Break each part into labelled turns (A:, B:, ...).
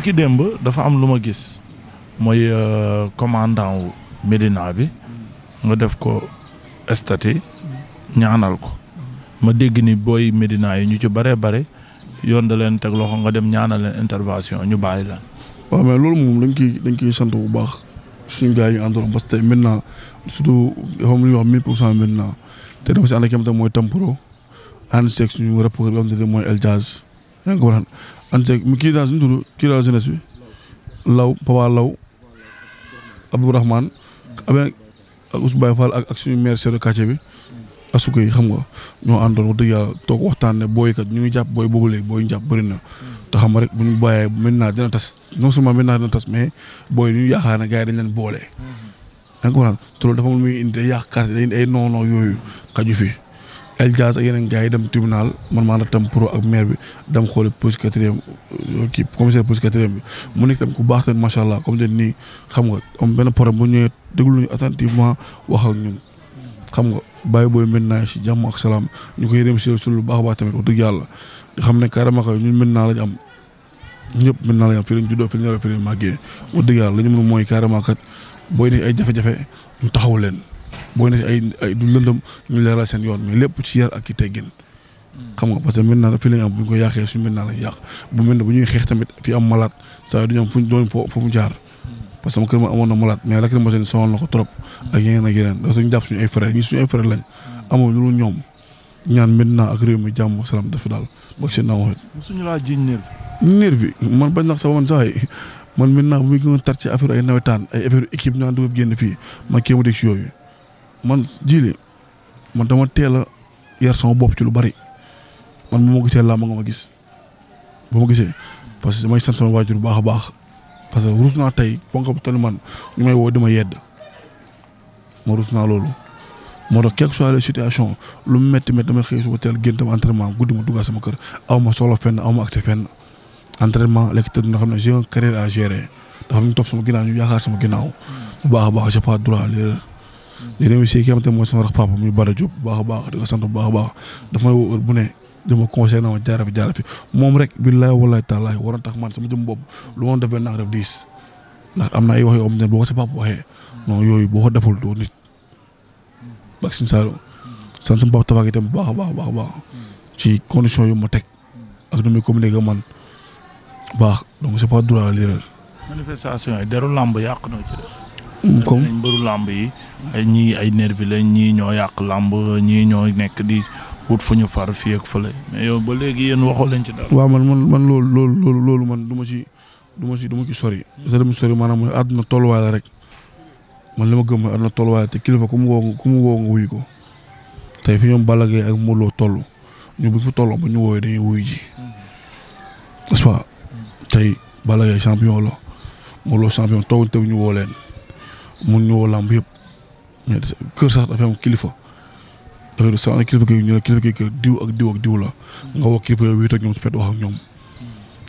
A: bërki démb dafa am lu ma gis mooy euh, commandant wu Médina bi nga def ko estati ñaanal ko ma dégg ni booy Médina yi ñu ci bare bare yoon da leen teg loxo nga dem ñaanal leen intervention ñu bàyyi leen.
B: waaw mais loolu moom dañ ciy dañ ciy sant bu baax suñu gars yi ñu àndoon parce que tey maintenant surtout xam lu ñuy wax mille pour cent maintenant te dama si ànd ak tam mooy Tamporo ànd seeg suñu rapport bi am mooy El Jazz yaa ngi mu kii daal suñu tudd kii daal jeunesse bi Law ah ak Ousmane Baye Fall bi asuka yi xam nga ñoo àndoon wax dëgg yàlla toog waxtaan ne booy kat ñu ngi jàpp booy boobu léegi booy ñu jàpp bëri na. te xam nga rek bu ñu bàyyee maintenant dina tas non seulement maintenant dina tas mais booy ñu yaakaar yi dañ leen boole. yaa ngi comprendre te loolu ay non yooyu xaju fi. El jaas ak yeneen gars yi dem tribunal man maa na tam pro ak maire bi dem xooli police quatrième euh, kii commissaire police quatrième bi mu nekk tam ku baax tamit macha allah comme leen nii xam nga am benn problème bu ñëwee déglu ñu attentivement wax ak ñun xam nga bàyyi booy maintenant si jàmm ak salaam ñu koy remercier si lu baax a baax tamit wax dëgg yàlla xam ne carrément que ñun maintenant lañ am ñëpp maintenant lañ am fii lañ juddoo fii lañ yaroo dëgg yàlla li ñu mën mooy carrément kat booy ni ay jafe-jafe ñu taxaw leen. boo ne si ay ay du lëndëm ñu leeral seen yoon mais lépp ci yar ak ci teggin xam nga parce que maintenant fii la ñu am bu ñu ko yàqee suñu maintenant lañu yàq bu mel ne bu tamit fi am malade saa du ñu am fuñ doon foofu jaar que sama kër na malade mais lakk na ko trop ak yeneen ak jàpp suñu ay frère ñi suñu ay frère lañ amoon lu ñoom ñaan maintenant ak réew mi jàmm salaam def daal bak seen naa waxit suñu laa jiñ nerf nerf bi man bañ nax sax man sax man maintenant bu muy gën a tar ci affaire ay nawetaan ay affaire équipe ñaan dugub génn fii man kéema dég si yooyu man jili man dama teel a yar sama bopp ci lu bari man bu ma gisee làmb nga ma gis bu ma gisee parce que damay sant sama waajur bu baax a baax parce que ruus naa tey ponk bu toll man ñu may woo di ma yedd ma ruus naa loolu moo tax quelque soit la situation lu mu metti métti damay xëy suba teel géntam entraînement guddi ma duggaat sama kër aw ma soxla fenn aw ma accès fenn entraînement lekk tëdd na xam ne j'ai une carrière à gérer dafa ñu topp sama ginnaaw ñu yaakaar sama ginnaaw bu baax di remercier ki nga xam te mooy sama rax papa muy Bada Diop baax a baax di ko baax bu baax a baax dafa may wóor bu ne dama conseillé na ma jaara fi jaara fi moom rek billaay wallaay taalaay waroon tax man sama jëm bopp lu ma def benn naa ko def diis ndax am na ay wax yoo xam ne boo ko sa papa waxee non yooyu boo ko deful doo nit bak sin salo sant sama papa tabaak itam baax a baax baax baax ci condition yu ma teg ak nu muy communiqué man baax donc c'est pas droit à
A: làmb yàq na ci Mm, comme mbëru làmb yi. ay ñii ay nervi lañ ñii ñoo yàq làmb ñii ñoo nekk di wut fu ñu far fii ak fële ba léegi yéen waxoo leen ci dara.
B: waaw man man man loolu loolu man du ma ci du ma ci du ma ci sori. parce que dama sori maanaam mooy àdduna tolluwaay la rek man li ma gëm mooy àdduna tolluwaay te kilifa ku mu woo ku mu woo nga wuyu ko tey fi ñoom Balla Gaye ak Modou Lo toll ñu bu fa tolloo ba ñu woowee dañuy wuy ji n'est-ce pas mm. tey Balla Gaye champion la Modou Lo champion toog te ñu woo leen. mun ñu woo làmb yëpp mais kër sax dafay am kilifa dafay sax am kilifa kii ñu diw ak diw ak diw la nga woo kilifa yooyu wéet ak ñoom si pet wax ak ñoom.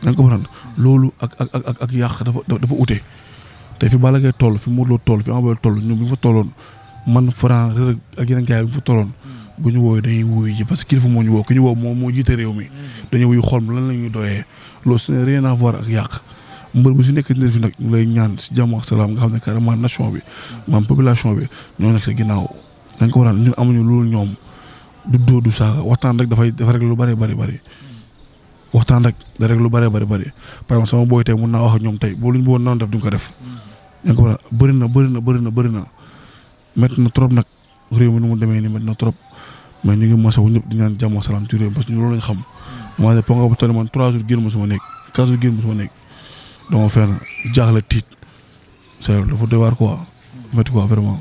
B: da nga ko faral loolu ak ak ak ak yàq dafa dafa ute te fi Balla Gaye toll fi mu Lo toll fi Ama Baldé toll ñoom man Franc Reug ak yeneen gars bi fa tolloon. bu ñu woowee dañuy wuyu ji parce que kilifa moo ñu woo ki ñu woo moom moo jiite réew mi. Mm. dañuy wuyu xool lan la ñuy doyee loolu ce n'est rien à voir ak yàq. mbër bu si nekk dina fi nag ñu lay ñaan si jàmm ak salaam nga xam ne carrément nation bi maam population bi ñoo nekk sa ginnaaw dañ ko waral ñun du dóor du saaga waxtaan rek dafay dafa rek lu bari bari bari waxtaan rek da rek lu bari bari bari par exemple sama mun naa wax ñoom tey boo lu ñu bëggoon noonu def duñ bëri na bëri na bëri na bëri na na trop nag réew mi nu mu demee nii ñu ngi mosawu ñaan jàmm ak salaam ci réew mi parce que ñu loolu lañ xam. maa ngi man trois jours génn mosuma nekk quatre jours génn mosuma nekk dama fenn jaxla tit, sa dafa doy waar quoi met quoi vraiment.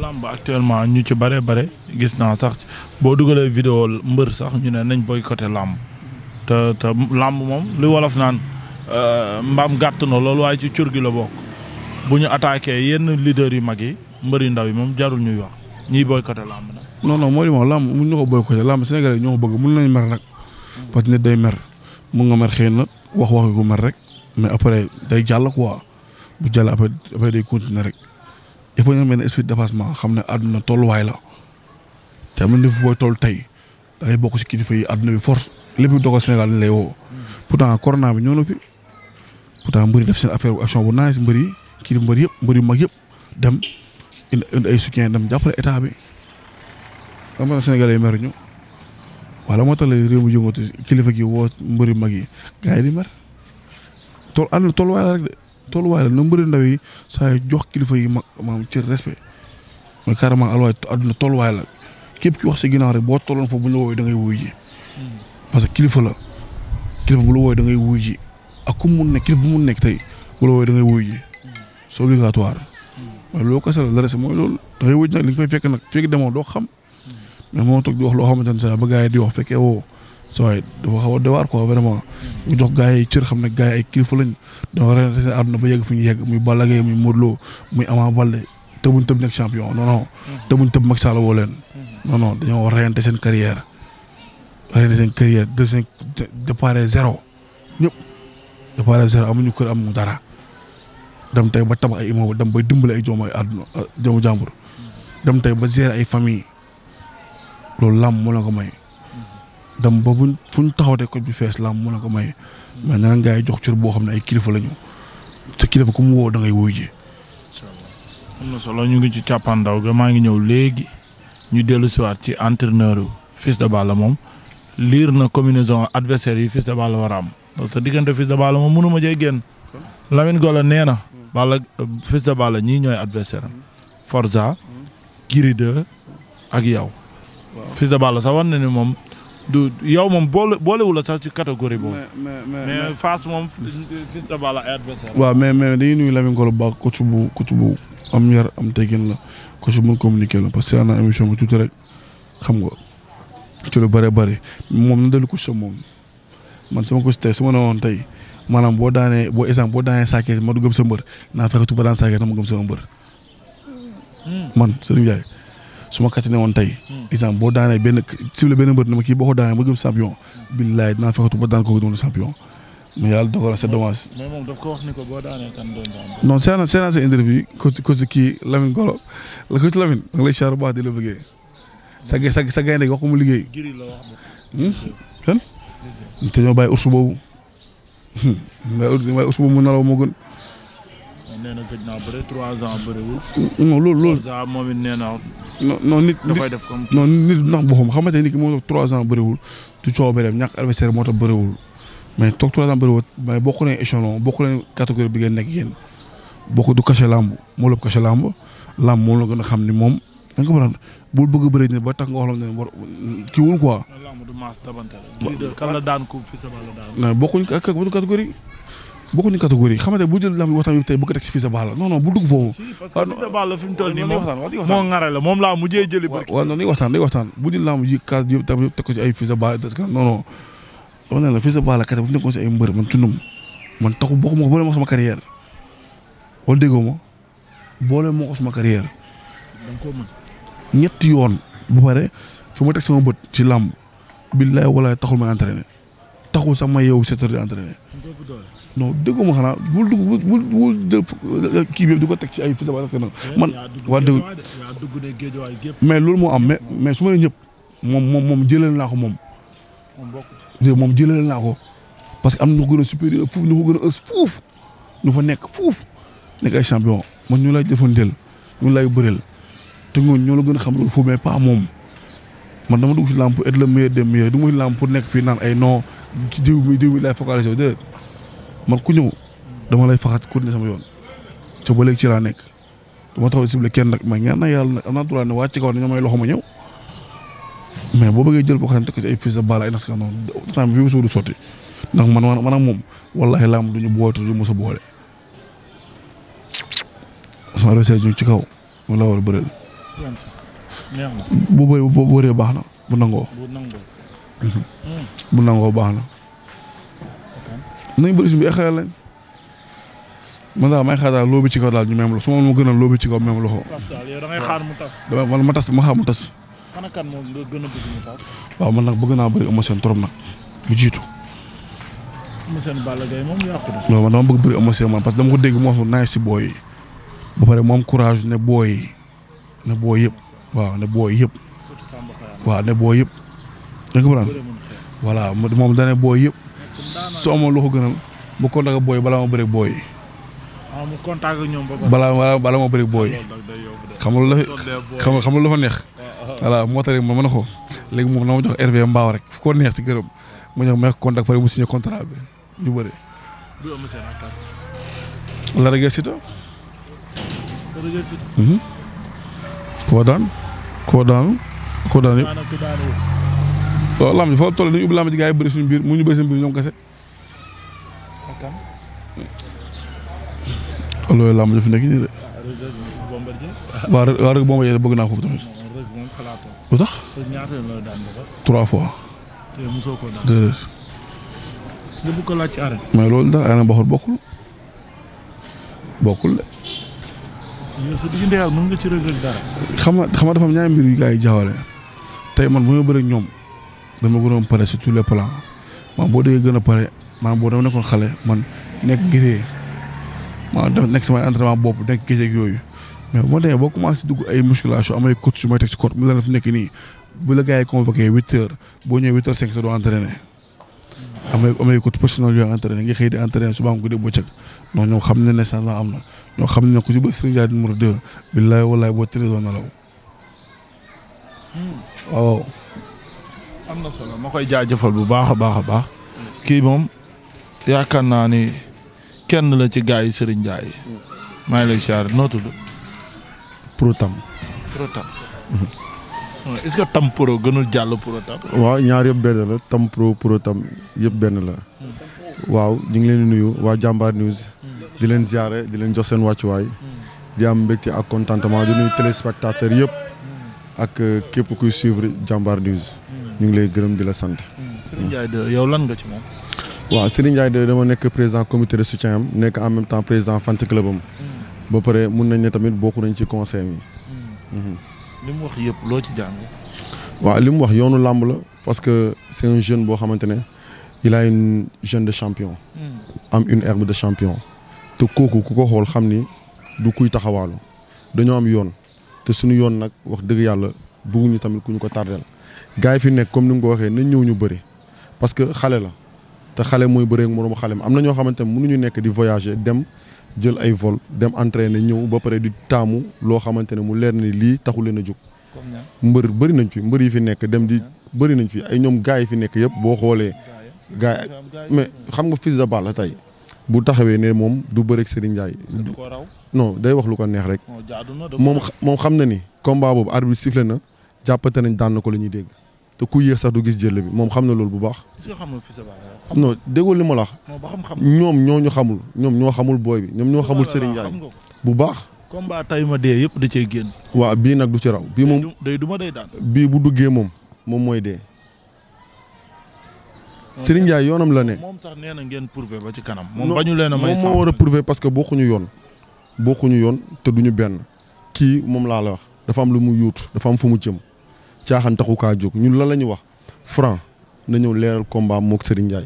A: lamb actuellement ñu ci bare bare gis naa sax bo dugalee vidéo mbeur sax ñu ne nañ boycotté lamb te te lamb mom li wolof naan euh, mbam gatt na loolu way ci ciur gi la bok bu ñu attaqué yenn leader yu magi mbeur yu ndaw yi mom jarul ñuy wax ñi boycotté lamb
B: non non moy mo lamb mu ñu ko boycotté lamb Sénégalais ñoo bëgg mu ñu mer nak parce que day mer mu nga mer na wax ko rek mais après day jàll quoi bu jàll après après day continuer rek il faut ñu am benn esprit de xam ne àdduna tolluwaay la te am na niveau booy toll tey da ngay bokk ci kilifa yi àdduna bi force lépp lu dogal Sénégal lañ lay woo. pourtant corona bi ñëw na fi pourtant mbëri def seen affaire action bu naaj mbëri kii di mbëri yëpp mbëri yëpp dem indi ay soutien jàppale état bi am na Sénégalais yi mer ñu wala moo tax la réew mi yëngatu kilifa gi woo mbëri mag yi gars yi di mer. tool àdduna tooluwaay la rek de tooluwaay la na mbëri ndaw jox kilifa yi mag maam ci respect mais carrément alwaay àdduna la képp ki wax si ginnaaw rek boo tolloon foofu bu ñu la wooyee da ngay wuy ji hmm. parce que kilifa la kilifa bu la wooyee da ngay wuy mu nekk kilifa bu mu nekk tey bu la wooyee da ngay wuy ji hmm. c'est obligatoire mais hmm. fekk nag fekk doo xam mais moo toog di wax loo xamante ne sax ba gars yi di wax fekkee woo soo waay dafa xaw a doy waar quoi vraiment ñu jox gars yi xam ne gars yi ay kilifa lañ dafa rëy seen àdduna ba yegg fu ñu yegg muy Balla Gaye muy Modou Lo muy Ama Baldé tëbuñ tëb nekk champion non non. tëbuñ tëb Macky Sall woo leen. non non dañoo war reyante seen carrière reyante seen carrière de seen départ kër am dara dem tey ba tabax ay immeuble dem ba dimbale ay joomu ay àdduna dem tey ba gérer ay famille loolu làmb moo la ko may. dem ba buñ fu ñu taxawatee ko bi fees làmb mun a ko may. mais na gaa jox cër boo xam ne ay kilifa lañu te kilifa ku mu woo da ngay wuyu
A: am na solo ñu ngi ci càppaandaw ga maa ngi ñëw léegi ñu dellu siwaat ci entraîneur Fils de Balla moom liir na combinaison adversaire yi Fils de Balla war a am parce que diggante Fils de Balla moom mënu ma jee génn Lamine Gola nee na. Balla Fils de Balla ñii ñooy adversaire am. Forza. Giri ak yow. Fils de Balla sax war na ni moom du yow moom boole boolewu la sax ci catégorie boobu. mais mais moom fils de adversaire. waaw
B: mais mais dañuy nuyu Lamine Golo baax coach bu coach bu am yar am teggin la coach bu mën communiquer la parce que ana émission bi tuuti rek xam nga ci lu bëri bëri moom na dellu coach sa moom man sama coach tey su ma ne woon tey maanaam boo daanee boo exemple boo daanee saa ma sa mbër naa fexe tuuti ba daan saa kees ma gëm sama mbër hmm. man Serigne Ndiaye. suma ma kati ne woon tey exemple boo daanee benn cible benn mbër ne ma kii boo ko daanee ma gëm champion billaay dinaa fexatu ba daan ko doon champion mais yàlla dogal na c'est dommage mais
A: moom daf ko wax ni ko boo daanee kan
B: interview ko si kii Lamine Golo la ko ci Lamine da nga di la bëggee sa sa sa gaynde gi wax mu hmm? liggéey kan te ñoo bàyyi ursu boobu bàyyi hmm. ursu boobu mu moo gën
A: nee na gëj naa bëre trois ans bëriwul. non loolu nit dafay def comme. non
B: nit ki moo tax trois ans bëriwul du coobareem ñàkk adversaire moo tax bëriwul mais toog trois ans bëriwul mais bokk nañ échelon bokk nañ catégorie bi nekk yéen bokk du caché làmb moo lëpp caché làmb làmb moom la gën a ni moom da ka ko mën bul ba tax nga wax la ne war kii wul quoi. bokkuñu catégorie xamante bu jël lamb waxtaan bi tey bëgg a teg si Fils de Balla non non bu dugg foofu. parce que Fils
A: de Balla fi mu toll nii moo moo ngare
B: la moom laa mujjee jëli. waaw waaw non waxtaan day waxtaan bu jël lamb yi kaas yëpp tamit teg ko si ay Fils de Balla non non. dama ne la Fils de Balla kese bu nekkoon si ay mbër man tundum man taxu bokkuma ko boole ma sama carrière wala déggoo ma boole ma ko sama carrière. ñetti yoon bu pare fi ma teg sama bët ci lamb billaay walaay taxul may entraîné taxul sax ma yeewu sept heures di entraîné non dëggu ma xanaa bul dugg bul bul kii bi di ko teg ci ay fii ak na man. wax dëgg mais loolu moo am mais mais su ma ñëpp moom moom moom jëlee naa ko moom. moom jëlee naa parce que am na ñu ko gën a supérieur fuuf ñu ko gën a ës fuuf ñu fa nekk fuuf nekk ay champion man ñu lay jëfandeel ñu lay bëreel te ñooñu ñoo la gën a xam loolu foofu mais pas moom. man dama dugg ci làmp être le meilleur des meilleurs du ma ci làmp nekk fii naan ay noo ci diw bi diw bi lay focaliser man ku ñëw dama lay faxat ku ne sama yoon te ba ci laa nekk dama taxaw ciblé kenn nag ma ñaan na yàlla nag am naa droit ne waa ci kaw ne ñoo may loxo ma ñëw mais boo bëggee jël boo xam ne ay fils de balle ay naskan noonu temps bi fi mu suudu sotti ndax man man ak moom wallaahi làmb du ñu boote du mos a boole. sama recherche ci kaw mu la war a bëreel. bu bëree bu bëree baax na bu nangoo. bu nangoo mhm. baax na. nañ bëri suñu bi xel lañ man daal may xaar daal loo ci kaw daal ñu même loxo su ma ma gënal loo ci kaw même loxo. tas ma a bëgg mu naa bëri Eumeu Sène trop nag lu jiitu. Eumeu Sène dama bëgg bëri Eumeu man parce que dama ko dégg mu wax naaj si booy yi pare moom courage ne booy ne booy yëpp waaw ne booy yëpp. ne booy yëpp. moom da ne booy yëpp. so amoon loxo gënal mu contact ak boy bala ma bëri boy
A: ah mu contact ak ñom ba bala
B: bala balaa ma bëri booy. Ah, xamul la lu xam fa neex. wala ah, ah. mo tax mo mëna ko légui mo na ma jox RV mbaaw rek fu ko neex ci gërëm mu ñu mëx contact fa mu signé contrat bi ñu bëri.
A: du am seen akar. la rëggee sito la sito
B: hmm ko daan ko daan ko daan yëpp. waaw lamb ji fa tole nii ubbi lamb ji gars bëri suñu biir mu ñu bëri seen biir ñom kasse kan. Hmm. loolu làmb dafa nekk nii de. waaw rek waaw rek Bombardier bëgg naa ko foofu tamit.
A: lu tax. trois fois. déedéet. nga bëgg ko laaj ci arène.
B: mais loolu daal arène baxul bokkul bokkul de.
A: yow sa diggante yàlla mën
B: mbir yu gars yi man bu ma ñoom dama gën a pare sur tous man boo déggee gën a pare maanaam boo dama nekkoon xale man nekk géree maanaam dama nekk samay entraînement bopp nekk géseeg yooyu mais boo ma demee boo commencé dugg ay musculation amay coach su may teg si court mu la nekk nii bu la gars yi convoqué huit heures boo ñëwee huit heures cinq sa doo entraîné amay amay coach personnel nga xëy di entraîné suba nga ko dégg bëccëg non ñoo xam ne ne changement am na ñoo xam ne ku ci bëgg Serigne Diagne numéro deux billaay wallaay boo tëddee doo nelaw
A: hmm. waaw am na solo ma koy jaajëfal bu baax a baax a baax kii moom yaakaar naa ni kenn la ci gaa yi Serigne Ndiaye maa ngi lay siyaare noo tudd. pour tam. pro tam. ce que tam pro gënul jàll pro tam. waaw ñaar yëpp
C: benn la tam pro pro yëpp benn la. waaw ñu ngi leen di nuyu waa jàmbaar news. di leen siyaare di leen jox seen wàccuwaay. di am mbégte ak contentement di nuyu téléspectateur yëpp. ak euh, képp kuy suivre jàmbaar news. ñu ngi lay gërëm di la sant.
A: Serigne Ndiaye yow lan nga ci moom.
C: C'est Serigne de dama président comité de soutien am en même temps président fan club am. Hmm. ba paré mën nañ né tamit bokku nañ ci conseil yi. Hmm.
A: Hmm. wax yépp lo ci jàng.
C: parce que c'est un jeune bo il a une jeune de champion. am une herbe de champion. te koku ku ko xool du kuy taxawalu dañu am yoon te suñu yoon nak wax dëgg yàlla bëgguñu tamit ku ko tardel fi nek comme ni nga nañ ñëw bëri parce que la. te xale mooy bëreeg xale xalem am na ñoo xamante ne ñu nekk di voyager dem jël ay vol dem entraîner ñëw ba pare di taamu loo xamante ne mu leer ni lii taxu leen a jóg. mbër bëri nañ fi mbër yi fi nekk dem di bëri nañ fi ay ñoom gars yi fi nekk yëpp boo xoolee. gars yi mais xam nga fis de Balla tey bu taxawee ne moom du bëreeg Serigne Ndiaye. no day wax lu ko neex rek. moom moom xam na ni combat boobu arbitre sifflé na jàppante nañ daan na ko la ñuy dégg. te ku yéex sax du gis jël bi moom xam na loolu bu baax.
A: no déggoo li ma la wax. ñoom
C: ñoo ñu xamul ñoom ñoo xamul booy bi ñoom ñoo xamul Serigne Ndiaye bu baax.
A: combat tay ma dee yëpp da cee génn.
C: waaw bii nag du ci raw. bii moom day duma day daan. bii bu duggee moom moom mooy dee. Serigne Ndiaye yoonam la ne. moom
A: sax nee na ngeen prouver ba ci kanam. moom bañu leen a moo war a
C: prouver parce que bokkuñu yoon. bokkuñu yoon te duñu benn kii moom laa la wax dafa am lu mu yuut dafa am fu mu jëm caaxaan taxu kaa jóg ñun lan la ñuy wax Franc na ñëw leeral combat moog Serigne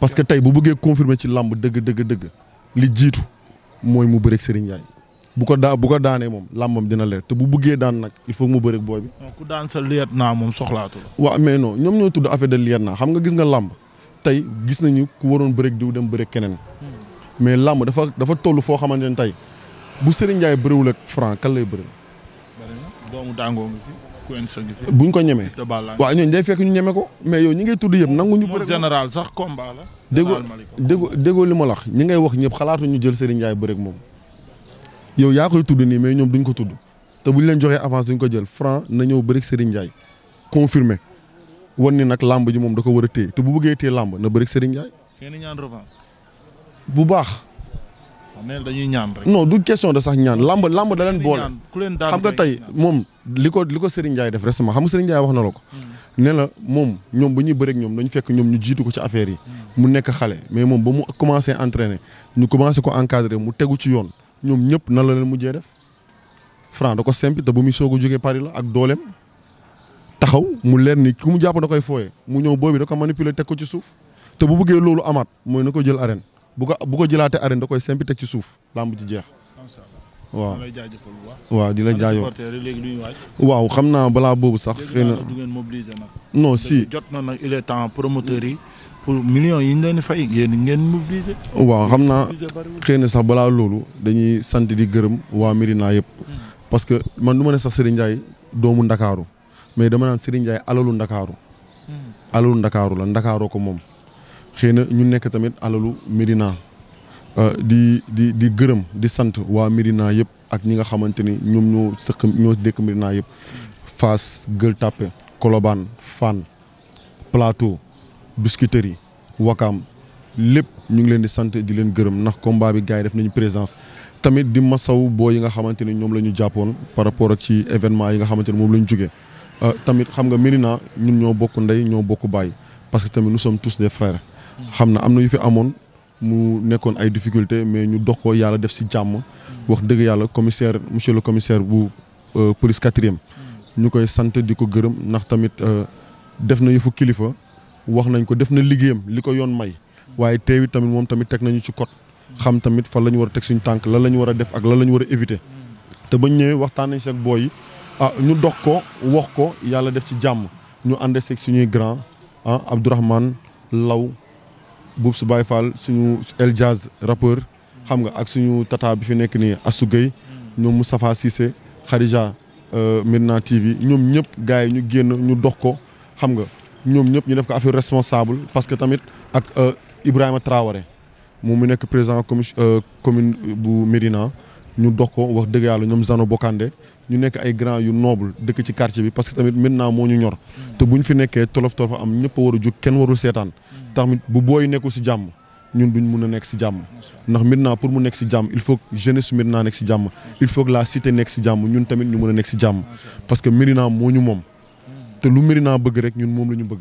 C: parce que tey bu bëggee confirmer ci làmb dëgg dëgg dëgg li jiitu mooy mu bëreeg Serigne bu ko daa bu ko daanee moom làmbam dina leer te bu bëggee daan nag il faut mu bëreeg booy bi.
A: ku daan sa liet naa moom soxlaatu
C: la. waaw mais non ñoom ñoo tudd affaire de liet naa xam nga gis nga làmb tey gis nañu ku waroon bëreek diw dem bëreeg keneen hmm. mais làmb dafa dafa toll foo xamante ne tey bu Serigne Ndiaye bëriwul ak Franc kan
A: buñ ko ñemee waaw ñooñu
C: day fekk ñu ñeme ko mais yow ñi ngay tudd yëpp nanguñu bëre
A: général sax combat la déggoo
C: déggoo déggoo li ma la wax ñi ngay wax ñëpp xalaatu ñu jël Serigne Ndiaye bëre moom yow yaa koy tudd nii mais ñoom duñ ko tudd te buñ leen joxee avance duñ ko jël franc na ñëw bëre ak Serigne Ndiaye confirmé wan ni nag làmb ji moom da ko war a téye te bu bëggee téye làmb na bëre ak Serigne Ndiaye bu baax
A: neel dañuy ñaan rek. non du
C: question de sax ñaan lamb lamb da leen boole. xam nga tey moom li ko li ko Serigne Ndiaye def récemment xam nga Serigne wax na la ko. Hmm. ne la moom ñoom ba ñuy bëreeg ñoom dañu fekk ñoom ñu jiitu ko ci affaire yi. Hmm. mu nekk xale mais moom ba mu commencé entraîner ñu commencé ko encadrer mu tegu ci yoon ñoom ñëpp nan la leen mujjee def. Franc da ko simpi te bu muy soog a jógee Paris la ak dooleem taxaw mu leer ni ku mu jàpp da koy fooyee mu ñëw boobi da ko manipuler teg ko ci suuf te bu bëggee loolu amaat mooy na ko jël arène. bu ko jëlaatee arène da koy simpi teg ci suuf làmb ji jeex. waaw waaw di la jaajëfal waaw xam naa balaa boobu sax. xëy non si
A: il est temps promoteur yi pour millions yi ñu leen fay yéen ngeen mobiliser.
C: waaw xam naa xëy na sax balaa loolu dañuy sant di gërëm waa yëpp. Hmm. parce que man du ma ne sax Serigne Ndiaye doomu Ndakaaru mais dama naan Serigne Ndiaye alalu Ndakaaru. Hmm. alalu Ndakaaru la xëy na ñu nekk tamit alalu Médina euh, di di di gërëm di sant waa Médina yëpp ak ñi nga xamante ni ñoom ñoo sëq ñoo dëkk Médina yëpp Fass Gueule Tapée Colobane Fann Plateau Biscuiterie Wakam lépp ñu ngi leen di sant di leen gërëm ndax combat bi gars def nañu présence tamit di saw boo yi nga xamante ni ñoom la ñu jàppoon par rapport ak ci événement yi nga xamante ni moom la ñu jógee euh, tamit xam nga Médina ñun ñoo bokk ndey ñoo bokk baay parce que tamit nous sommes tous des frères xamna na fait yu fi mu ay difficulté mais ñu dox ko yalla def ci jamm wax le commissaire monsieur le commissaire bu euh, police avons e ñukoy di ko fait tamit euh, def na yëfu kilifa wax nañ ko def na liggéeyam liko yon may waye tamit mom tamit nañu ci xam tamit war a suñu tank la Nous wara def ak éviter te bañ waxtaan ah, ko wax ko grand ah Abdourahmane Boubs Baye Fall suñu El Jazz rappeur xam nga ak suñu tata bi fi nekk nii Assou Gueye ñoom Moustapha Cissé Khadija euh, Mirna TV ñoom ñëpp gars yi ñu génn ñu dox ko xam nga ñoom ñëpp ñu def ko affaire responsable parce que tamit ak euh, Ibrahima Traoré moom mu nekk président commune euh, commune bu Médina ñu dox ko wax dëgg yàlla ñoom Zano Bokande ñu nekk ay grand yu noble dëkk ci quartier bi parce que tamit maintenant moo ñu ñor te bu ñu fi nekkee tolof tolof am ñëpp a war a jug kenn warul seetaan tamit bu booy nekkul si jàmm ñun duñ mun a nekk si jàmm ndax maintenant pour mu nekk si jàmm il faut que jeunesse Médina nekk si jàmm il faut que la cité nekk si jàmm ñun tamit ñu mën a nekk si jàmm parce que Médina moo ñu moom te lu Médina bëgg rek ñun moom la ñu bëgg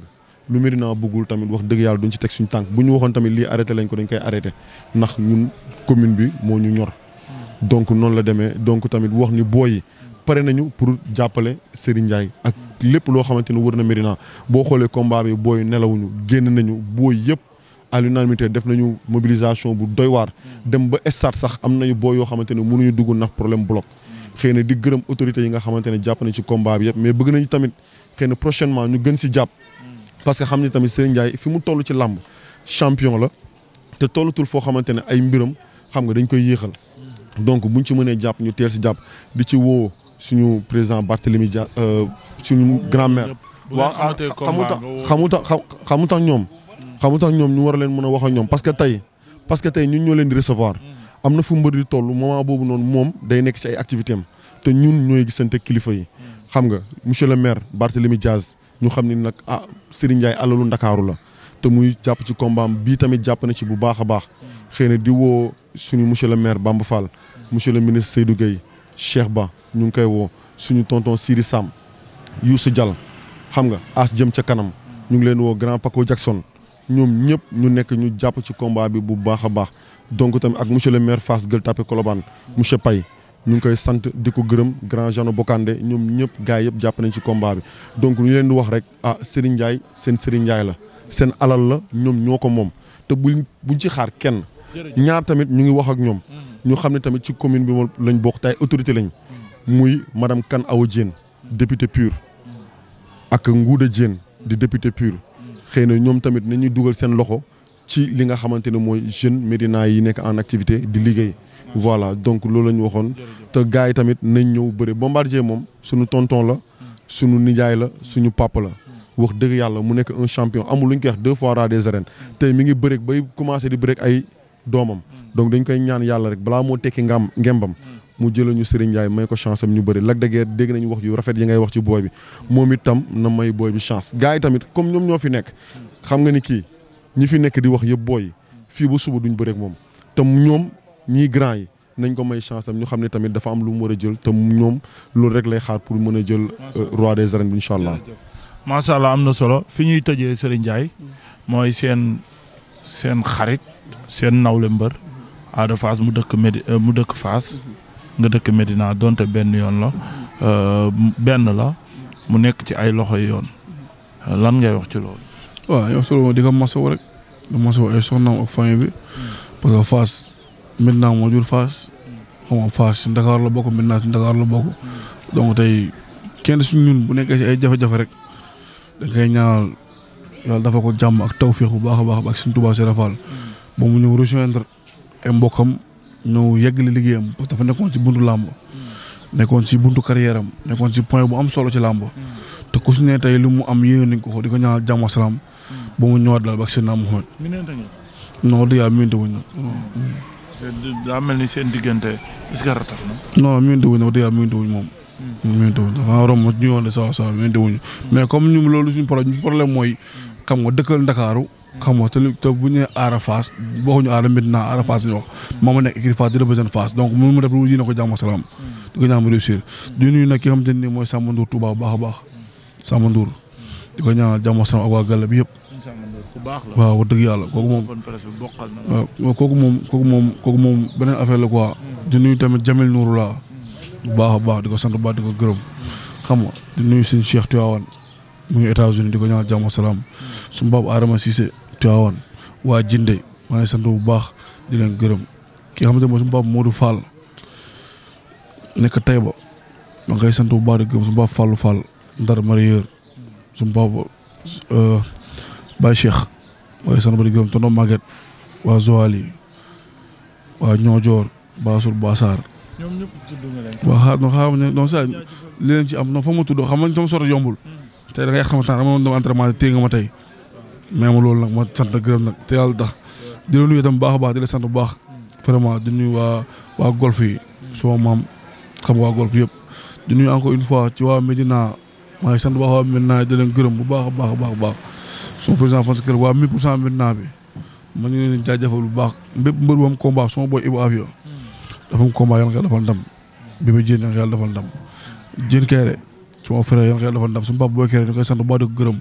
C: lu Médina bëggul tamit wax dëgg yàlla duñ ci teg suñu tànk bu ñu waxoon tamit lii arrêté lañ ko dañ koy arrêté ndax ñun commune bi moo ñu ñor donc noonu la demee donc tamit wax ni booyi pare nañu pour jàppale Serigne Ndiaye ak lépp loo xamante ni wër na Médina boo xoolee combat yi booy nelawuñu génn nañu booy yëpp à l'unanimité def nañu mobilisation bu doy waar dem ba stade sax am nañu booy yoo xamante ne mënuñu dugg ndax problème bloc xëy di gërëm autorités yi nga xamante ne jàpp na ci combat bi yëpp mais bëgg nañu tamit xëy na prochainement ñu gën si jàpp parce que xam ni tamit Serigne Ndiaye fi mu toll ci làmb champion la te tollatul foo xamante ne ay mbiram xam nga dañ koy yéexal donc bu buñ ci mënee jàpp ñu teel si jàpp di ci woo suñu président Barthélémy Dia euh, suñu grand-mère. waaw xamu tax xamu tax ñoom. Hmm. xamu tax ñoom ñu war a leen mën a wax ak ñoom parce que tey parce que tey ñun ñoo leen di recevoir hmm. am na fu mbër di moom moment boobu noonu moom day nekk ci ay activité am te ñun ñooy gisante kilifa yi. Hmm. xam nga monsieur le maire Barthélémy Diaz ñu xam ni nag ah Serigne Ndiaye alalu Ndakaaru la te muy jàpp ci combat am bii tamit jàpp na ci bu baax a baax suñu monsieur le maire Bamba Fall monsieur le ministre Seydou Gueye Cheikh Ba ñu ngi koy woo suñu tonton Siri yu su Diall xam nga as jëm ca kanam ñu ngi leen woo grand Paco Jackson ñoom ñëpp ñu nekk ñu jàpp ci combat bi bu baax a baax donc tamit ak monsieur le maire Fass Gueule Tapée Colobane monsieur Paye ñu ngi koy sant di ko gërëm grand Jean Bokande ñoom ñëpp gars yëpp jàpp nañ ci combat bi donc ñu leen di wax rek ah Serigne Ndiaye seen Serigne la seen alal la ñoom ñaar tamit ñu ngi wax ak ñom mm. ñu xam tamit ci commune bi moom lañ bok tay autorité lañ mm. muy madame kan Awa Diène député pur mm. ak Ngouda Diène di député pur xeyna ñom tamit nañu duggal sen loxo ci li nga xamante moy jeune medina yi nek en activité di liggéey voilà donc loolu lañ waxone te gaay tamit nañ ñëw bëre bombardier mom suñu tonton la suñu nijaay la suñu papa la wax deug yalla mu nek un champion amul luñ ko wax deux fois roi des arènes tay mi ngi bëreeg bay commencé di bëreeg ay doomam mm. donc dañ koy ñaan yàlla rek balaa moo tekki ngam ngembam mm. mu jëlañu Serigne Ndiaye may ko chance ñu bëri Lac de dégg nañu wax yu rafet yi ngay wax ci booy bi moom itam na may booy bi chance gars yi tamit comme ñoom ñoo fi nekk mm. xam nga ni kii ñi fi nekk di wax yëpp booy fii ba suba duñ bëri moom te ñoom ñii yi nañ ko may chance am xam ne tamit dafa am lu mu war a jël te ñoom loolu rek lay xaar pour mën a jël euh, roi des arènes bi incha allah
A: macha allah am na solo fi ñuy tëjee Serigne Ndiaye mooy seen seen xarit seen nawle mbër Ada fas mu dekk euh, mu dekk fas nga dekk medina donte on yon la euh, ben la mu nek ci ay loxoy yon euh, lan ngay wax ci lool
B: wa yow solo di ko masawu rek di masawu ay sonna ak famille bi parce que fas medina mo jur fas xam fas ndakar Dakar la bokku medina ndakar Dakar la bokku donc tay kenn suñ ñun bu nek si ay jafe-jafe rek da ngay ñaanal yalla dafa ko jàmm ak tawfiq bu baax baax ak sun Tuubaa si rafal moom ñu ñëw rejoindre ay mbokkam ñëw yeggali liggéeyam parce que dafa nekkoon ci buntu làmb. nekkoon si buntu carrière nekkoon si point bu am solo ci làmb. te ku su ne tey li mu am yéene nañ ko ko di ko ñaanal jàmm salaam. ba mu ñëwaat daal ba ak seen naam Mouhamed. non dëgg yàlla miinti wuñ nag.
A: daa mel ni seen diggante est-ce que ratax
B: na. non miinti wuñ nag dëgg yàlla miinti wuñ moom. Hmm. miinti wuñ dafa romb ñu yoon de saa saa miinti wuñ. Hmm. mais comme ñun loolu suñu problème mooy hmm. xam nga dëkkal Ndakaaru xam nga ta te bu ñu nee aara Fass waxuñu aara Medina aara Fass ñu wax moom ma nekk écurie Fass di représente Fass donc mu mu def lu ko jàmm salaam di ko ñaan mu réussir mooy Samba Ndour Touba baax a baax Samba salaam ak waa yëpp waaw wax dëgg yàlla kooku moom waaw kooku moom kooku moom kooku moom beneen affaire la quoi di nuyu tamit Jamil Nourou la baax a baax di ko sant baax di ko gërëm xam nga di nuyu suñu Cheikh Tivaouane mu ngi États-Unis di ko ñaanal jàmm salaam suñu baabu Adama Cissé Tivaouane waa Jinde maa ngi sant bu baax di leen gërëm ki nga xamante ne mooy suñu baabu Modou Fall nekk Taïba ma ngi koy sant bu baax di gërëm suñu baabu fallu Fall Ndar Marieur suñu baabu euh, Baye Cheikh ma ngi sant ba di gërëm tonton Maguette waa Zoali waa Ñoojoor basul basar
A: ñoom ñëpp tudd nga leen sax waaw xaar non xaar non ça li
B: leen ci am non fa ma tudd xam nañ sama sori yombul hmm tey da ngay xam temps dama doon dem entraînement téye nga ma tey mais ma loolu nag ma sant gërëm nag te yàlla tax di la nuyu itam baax a baax di la sant bu baax vraiment di nuyu wa wa golf yi suma maam xam waa golf yëpp di nuyu encore une fois ci waa Medina ma ngi sant bu baax waa Medina di leen gërëm bu baax a baax a baax baax suma président Fass Kër waa Medina bi ma ngi leen di bu baax bépp mbër bu combat suma boy Ibou Afia dafa combat yàlla nga ko ndam bi ma jéem yàlla defal ndam jéem kayre suma frère yéen xel dafa ndam suñu bab boy kere di koy sant ba de ko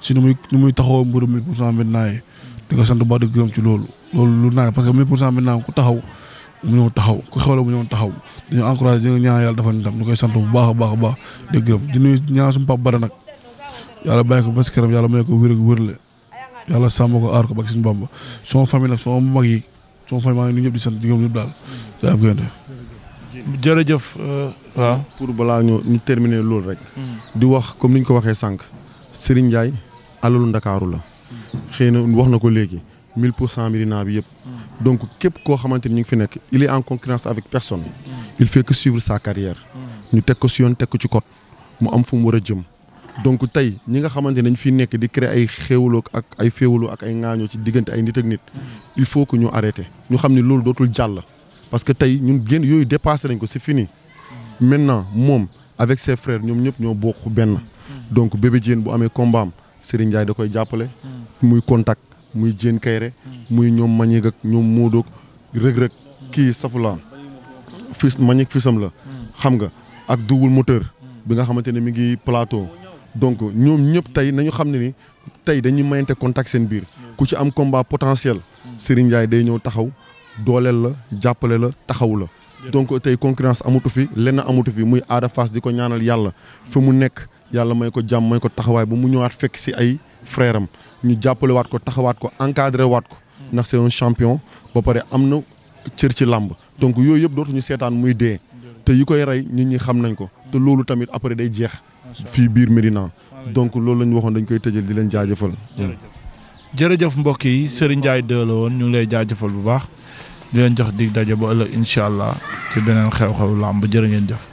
B: ci numuy numuy taxaw nu muy taxawoo mbirum di ko sant ba de ko ci lolu lolu lu naa parce que mille pour cent ku taxaw mu ñu taxaw ku xewle mu ñu taxaw dañu encouragé ñu ñaan yalla dafa ndam ñu koy sant bu baax baax baax de gërëm di nuy ñaan suñu bab bara nak yalla bay ko bas kërëm yalla may ko wër ak wérle yalla sam ko ar ko bak suñu bamba suma famille nak suma mag yi suma famille ma ngi ñëp di sant di
C: ñëp gërëm ñëpp daal jërëjëf euh, waaw. pour balaa ñu ñu terminer loolu rek. Hmm. di wax comme niñ ko waxee sànq Serigne Ndiaye alalu ndakaaru la. Hmm. xëy na wax na ko léegi mille pour cent Médina bi yëpp. Hmm. donc képp koo xamante ni ñu ngi fi nekk il est en concurrence avec personne. il fait que suivre sa carrière. ñu teg ko si yoon teg ko ci code mu am fu mu war a jëm. donc tey ñi nga xamante ne fi fiy nekk di créer ay xéewaloo ak ay féewaloo ak ay ŋaañoo ci diggante ay nit ak nit. il faut que ñu arrêté ñu xam ne loolu dootul jàll parce que tay ñun gën yooyu dépassé nañ ko c'est fini maintenant mom avec ses frères ñom ñëpp ñoo bokk ben donc bébé Diène bu amé combat Serigne Ndiaye da koy jappalé muy contact muy Diène Kayré muy ñom Manick ak ñoom Modou rek rëg kii safula fils Manick fisam la xam nga ak double moteur bi nga xamanté ne mi ngi plateau donc ñom ñëpp tay nañu xam ne ni tey dañuy mayante contact seen biir ku ci am combat potentiel Serigne Ndiaye day ñëw taxaw dooleel la jàppale la taxawu la donc tey concurrence amatu fi lenn amatu fi muy Ada Fass di ko ñaanal yàlla fi mu nekk yàlla may ko jàmm may ko taxawaay ba mu ñëwaat fekk si ay frère am ñu jàppale ko taxawaat ko encadré waat ko hmm. ndax c'est champion ba pare am na cër ci làmb donc hmm. yooyu yëpp dootuñu seetaan muy dee te yi koy rey nit ñi xam nañ ko te hmm. loolu tamit après day jeex fii biir Médina donc loolu la ñu waxoon dañ koy tëjal di leen jaajëfal
A: jërëjëf mbokk yi Serigne Ndiaye 2 la woon ñu lay jaajëfal bu baax di len jox dig daje ba ëllëg incha ci benen xew-xew lamb jërë ngeen jëf.